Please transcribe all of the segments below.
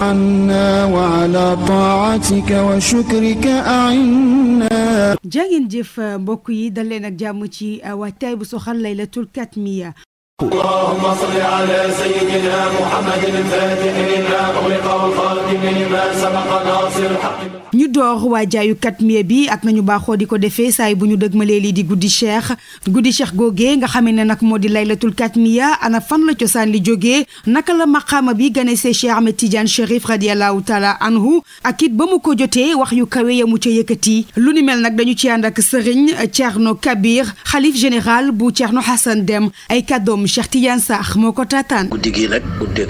عنا وعلى طاعتك وشكرك أعنا جاين جيف بوكي دلنا جاموتي واتاي بسخن ليلة الكتمية اللهم صل على سيدنا محمد الفاتح لما أغلق والخاتم ñu baaxoo di ko defee saay bu ñu dëgmalee lii di guddi cheikh guddi cheikh googee nga xamee ne nag moo di laylatul katmiya ana fan la cosaan li jóge naka la maqaama bi ganesee Cheikh Ahmed Tidiane Chérif radiallahu taala anhu ak ba mu ko jotee wax yu kawe ya mu ca yëkkati lu ni mel nag dañu ci ànd ak sëriñ Thierno Kabir xalif général bu Thierno Hassan Deme ay kàddoom Cheikh Tidiane Sakh moko tatan taataan guddi gi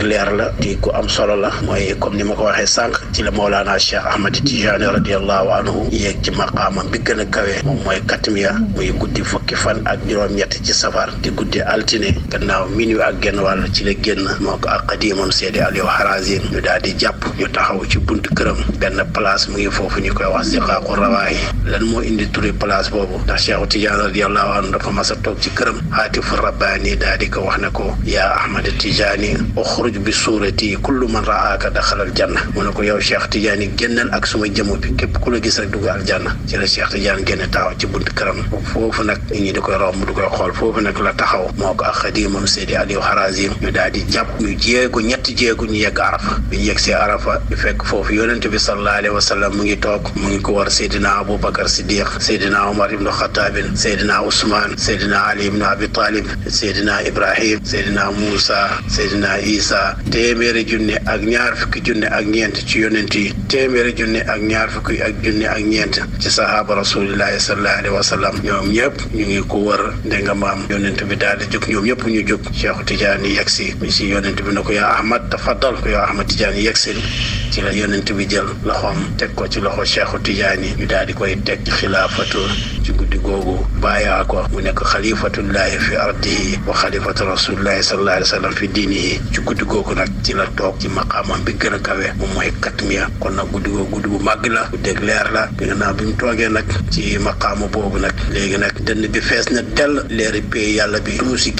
leer la di ku am solo la moy comme nima ko waxe sank ci la Mawlana Cheikh Ahmad Tidiane radiallahu anhu yek ci maqama bi gëna a kawe moom katmiya moy guddi fukki fan ak juroom ñet ci safar di guddi altiné gannaaw minuit ak genn wal ci la genn moko ko ak qadimam seede Aliou harazin ñu daal di ñu taxaw ci buntu kërëm ben place mu ngi fofu ñu koy wax siqaaqu rawaay lan mo indi turi place bobu ndax Cheikh Tidiane radiallahu anhu dafa massa tok ci kërëm xaatif rabbani ذلك وحنكو يا أحمد التجاني أخرج بصورتي كل من رآك دخل الجنة منكو يا شيخ تجاني اك سما جمو بي كيب كل رك دوغ الجنة سي لا شيخ تجاني جنة تاو سي جبنت كرم فوف نك إني دكو روم دكو خول فوفو نك لا تخاو موك اخديم ام سيدي علي ني دادي جاب ني جيغو نيت جيغو ني عرف عرفة يك سي عرفة فك فوف يونت بي صلى الله عليه وسلم مغي توك مغي كو ور سيدنا أبو بكر الصديق سيدنا عمر بن الخطاب سيدنا عثمان سيدنا علي بن أبي طالب سيدنا Ibrahim Seydina Moussa Seydina Isa téeméeri junne ak ñaar fukki junne ak ñeent ci yonent yi téeméeri junne ak ñaar fukki ak junne ak ñeent ci sahaaba rasulillahi sallallahu alayhi wa sallam ñoom ñëpp ñu ngi ko wër ndénga maam yonent bi daal di jóg ñoom ñëpp ñu jóg Cheikh Tidiane yegsi si yonent bi na ko yaa Ahmad tafaddal ko yaa Ahmad Tidiane yegsi ci la yonent bi jël loxoom teg ko ci loxo Cheikhu Tijaani ñu daal di koy teg xilaafatu ci guddi googu bàyyaa ko mu nekk xalifatullahi fi ardihi wa xalifatu rasulillahi sallallahu alayhi wa fi diinihi ci guddi googu nag ci la toog ci maqaamam bi gën kawe moom katmiya kon guddi guddi bu la leer la bi mu ci bi na yàlla bi yàlla na ci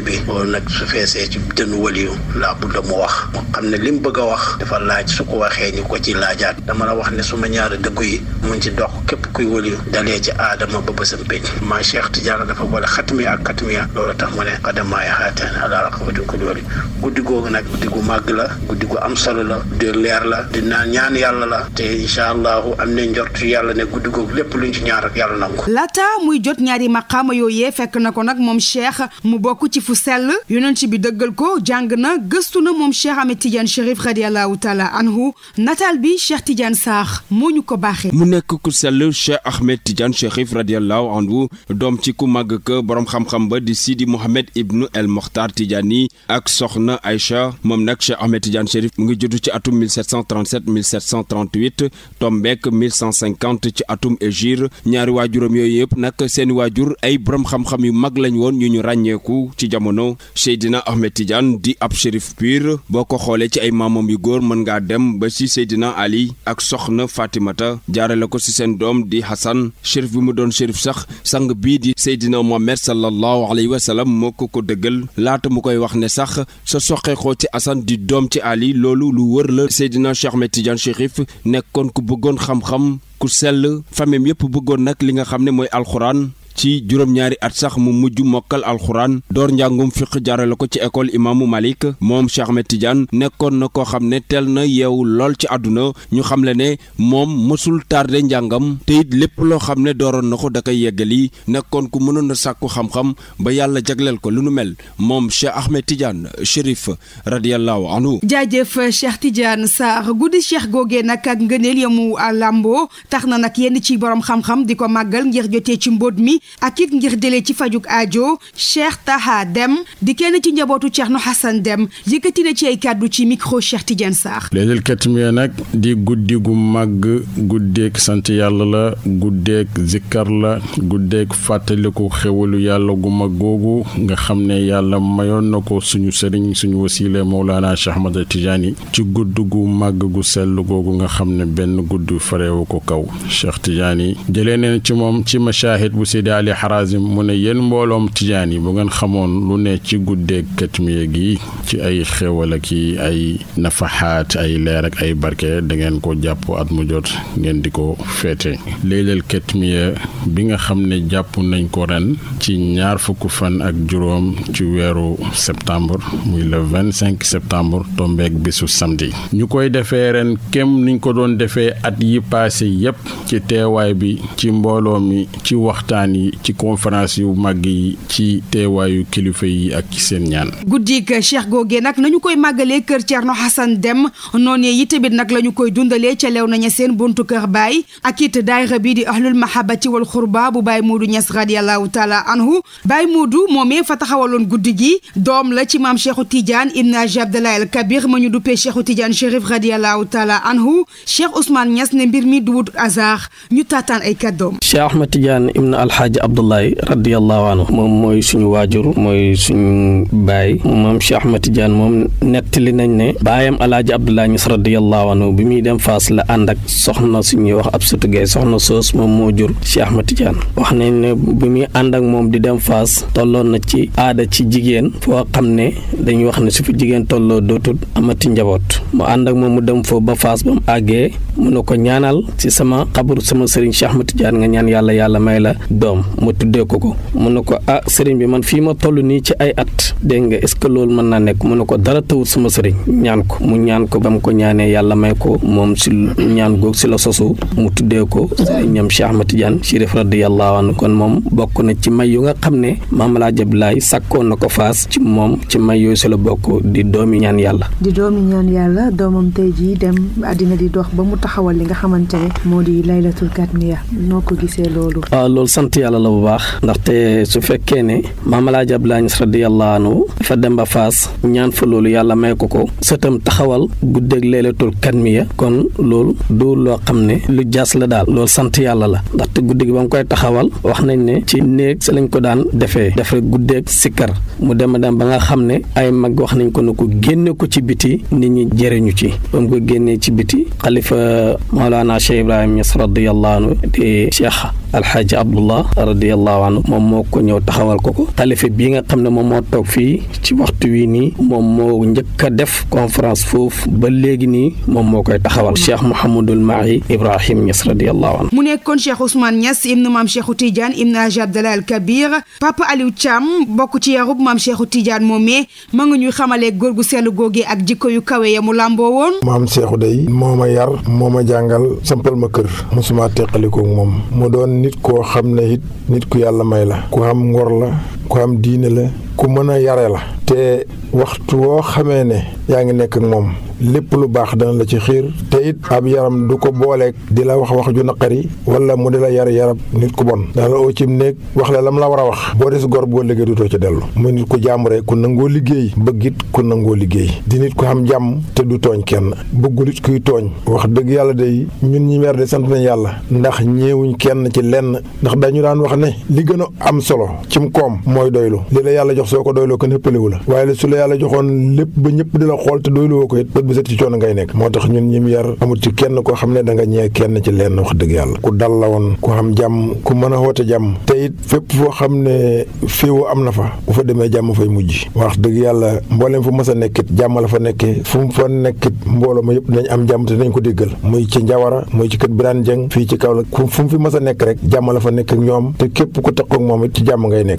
bi su ci bu mu wax lim mu bëgg a wax dafa laaj su ko waxee ñu ko ci laajaat dama la wax ne suma ñaari dëggu yi mun ci dox képp kuy wëliyu dalee ci aadama ba bësam pénc maa Cheikh Tidiane dafa boole xatmi ak xatmiya loolu tax la guddi la la di naan ñaan yàlla la te incha allahu am na njort yàlla ne guddi googu lépp luñ ci ñaan rek yàlla nangu laata muy jot ñaari maqaama yooyee fekk na ko nag moom cheikh mu bokk ci fu sell yonent bi dëggal ko jàng na gëstu na moom cheikh Ahmed Tidiane Chérif Chérif radiallahu taala anhu nataal bi Cheikh Tidiane Sarr moo ñu ko baaxee. mu nekk ku sell Cheikh Ahmed Tidiane Chérif radiallahu anhu doom ci ku màgg ka borom xam-xam ba di Sidi Mohamed ibnu El Mokhtar Tidiane ak soxna Aïcha moom nag Cheikh Ahmed Tidiane Chérif mu ngi juddu ci atum 1737 1738 tombeek 1150 ci atum égir ñaari waajuram yooyu yëpp nag seeni waajur ay boroom xam-xam yu mag lañ woon ñu ñu ràññeeku ci jamono Seydina Ahmed Tidiane di ab shérif pur boo ko xoolee ci ay maamam yu góor mën ngaa dem ba ci Seydina Ali ak soxna Fatimata jaarale ko ci seen doom di Hasan shérif bi mu doon shérif sax sang bii di Seydina Mohamed sallallahu alayhi wa sallam moo ko ko dëggal laata mu koy wax ne sax sa soqeekoo ci Hasan di doom ci Ali loolu lu wër la Seydina Cheikh Ahmed Tidiane Chérif nekkoon ku bëggoon xam-xam ku sell famem yépp bëggoon nag li nga xam ne mooy alxuraan ci juróom-ñaari at sax mu mujj mokkal alxuraan door njàngum fiq jaarale ko ci école imaamu Malik moom Cheikh Ahmed Tidiane nekkoon na koo xam ne teel na yeewu lool ci àdduna ñu xam le ne moom mësul tardé njàngam te it lépp loo xam ne dooroon na ko da koy yeggali nekkoon ku mënoon a sàkku xam-xam ba yàlla jagleel ko lu nu mel moom Cheikh Ahmed Tidiane Chérif radiyallahu anhu jaajëf Cheikh saa Sarr guddi Cheikh googee nag ak ngëneel mu làmboo tax na nag yenn ci borom xam di ko màggal ngir jotee ci mbóot mi ak it ngir délai ci fajuk ajo Cheikh Taha dem di kenn ci njabootu Thierno Hassan Deme yëkkati na ci ay kàddu ci micro Cheikh Tidiane Sarr. léeg-léeg katmiya nag di guddi gu màgg guddeeg sant yàlla la guddeeg zikkar la guddeeg fàttaliku xewalu yàlla gu mag googu nga xam ne yàlla mayoon na ko suñu sëriñ suñu wasiile Mawlana Cheikh Ahmad yi ci gudd gu màgg gu sell googu nga xam ne benn gudd farewu ko kaw Cheikh Tidiane jëlee neen ci moom ci mashahid bu di Ali Harazim mu ne yéen mbooloom tijaan yi bu ngeen xamoon lu ne ci guddeeg katmiya gi ci ay xewal ak ay nafaxaat ay leer ak ay barke da ngeen ko jàpp at mu jot ngeen di ko feete léeg-léeg katmiya bi nga xam ne jàpp nañ ko ren ci ñaar fukk fan ak juróom ci weeru septembre muy le vingt cinq septembre tombeeg bisu samedi ñu koy defee ren kem niñ ko doon defee at yi paase yépp ci teewaay bi ci mbooloo mi ci waxtaan ni ci conférence yu màgg yi ci teewaayu kilifa yi ak ci seen ñaan. guddik cheikh googee nag nañu koy màggalee kër Thierno Hassan Deme noonee yi tamit nag la ñu koy dundalee ca lew na seen buntu kër baay ak it daayira bi di ahlul mahabati wal xurba bu Baye Moodu Niass radiyallahu taala anhu Baye Moodu moomee fa taxawaloon guddi gi doom la ci maam Cheikhou Tidiane Ibn Aji Kabir ma ñu duppee Cheikhou Tidiane Chérif radiyallahu taala anhu Cheikh Ousmane du wut hasard ñu taataan ay kàddoom. Cheikh Ahmed Tidiane Ibn Alhaji alxaaji abdullahi radiallahu anhu moom mooy suñu waajur mooy suñu baay moom Cheikh Ahmed Tidiane moom nettali nañ ne baayam alxaaji abdullahi ñas radiallahu anhu bi muy dem faas la ànd ak soxna suñuy wax ab sutu gay soxna soos moom moo jur Cheikh Ahmed Tidiane wax nañ ne bi muy ànd ak moom di dem faas tolloon na ci aada ci jigéen foo xam ne dañuy wax ne su fi jigéen tolloo dootul amati njaboot mu ànd ak moom mu dem foofu ba faas ba mu àggee mu ne ko ñaanal ci sama xabru sama sëriñ Cheikh Ahmed Tidiane nga yàlla yàlla may mom mo tuddé ko ko mu ko ah sëriñ bi man fi ma tollu ni ci ay at dégg nga est ce que loolu mën naa nekk mu ko dara tawut sama sëriñ ñaan ko mu ñaan ko bam ko ñaané yalla may ko mom ci ñaan gog ci la soso mu tuddé ko sëriñ ñam Cheikh Ahmad Tidiane radiyallahu anhu kon mom bokku na ci may yu nga xamné mam la Alaaji lay sakko nako fas ci mom ci may yooyu la di doomi ñaan yalla di doomi ñaan yalla doomam tay ji dem adina di dox ba mu taxawal li nga ne moo di laylatul gisé lolu ah lolu loolu yàlla la bu baax ndaxte su fekkee ne maam Alaaji Abdoulaye Niass radiyallahu anhu dafa dem ba Faas ñaan fa loolu yàlla may ko ko sëtam taxawal guddeeg leeletul kadmiya kon loolu du loo xam ne lu jaas la daal loolu sant yàlla la ndaxte guddi gi ba mu koy taxawal wax nañ ne ci néeg sa lañ ko daan defee def rek guddeeg sikkar mu dem dem ba nga xam ne ay mag wax nañ ko ne ko génne ko ci biti nit ñi jëriñu ci ba mu ko génnee ci biti xalifa Maolana Cheikh Ibrahim Niass radiyallahu radiallahu anhu moom moo ko ñëw taxawal ko ko xalifa bii nga xam ne moom moo toog fii ci waxtu wi nii moom moo njëkk def conférence foofu ba léegi nii moom moo koy taxawal cheikh mouhamadul mahi ibrahim Niass radiallahu anhu mu nekkoon cheikh Ousmane Niass ibnu maam cheikhu Tidiane ibnu Haji Abdallah al Kabir papa Aliou Thiam bokk ci yarub maam cheikhu Tidiane moomee ma nga ñuy xamalee góor gu seelu googee ak jikko yu kawe ya mu làmboo woon maam cheikhu day moo ma yar moo ma jàngal sampal ma kër mosuma teqalikoo moom mu doon xam nit ku yàlla may la ku am ngor la ku am diine la ku mën a yare la te waxtu woo xamee ne yaa ngi nekk ak moom lépp lu baax dana la ci xiir te it ab yaram du ko booleeg di la wax wax ju naqari wala mu di la yar yarab nit ku bon dana la oo cim néeg wax la lam la war a wax boo des gor boo liggéey dutoo ci dellu mu nit ku jàmbure ku nangoo liggéey bëgg bëggit ku nangoo liggéey di nit ku xam jàmm te du tooñ kenn bëggul it kuy tooñ wax dëgg yàlla day ñun ñi weer de sant nañ yàlla ndax ñeewuñ kenn ci lenn ndax dañu daan wax ne li gën a am mooy doylu li la yàlla jox soo ko doyloo kenn xëppalewu la waaye su la doyluwoo ko it bët bi set ci ngay nekk moo tax ñun ñim yar amul ci kenn koo xam ne da nga ñee kenn ci lenn wax dëgg yàlla ku dal la woon ku xam jàmm ku mën a woote jàmm te it fépp foo xam ne féewu am na fa bu fa demee jàmm fay mujj wax dëgg yàlla mbooleem fu mas a nekkit jàmm la fa nekkee fu mu fa nekkit mbooloo ma yëpp nañ am jàmm te nañ ko déggal muy ci njawara muy ci kët biraan jëng fii ci kaw la fu mu fi mas a nekk rek jàmm fa nekk ak ñoom te képp ku taqoog ci jàmm ngay nekk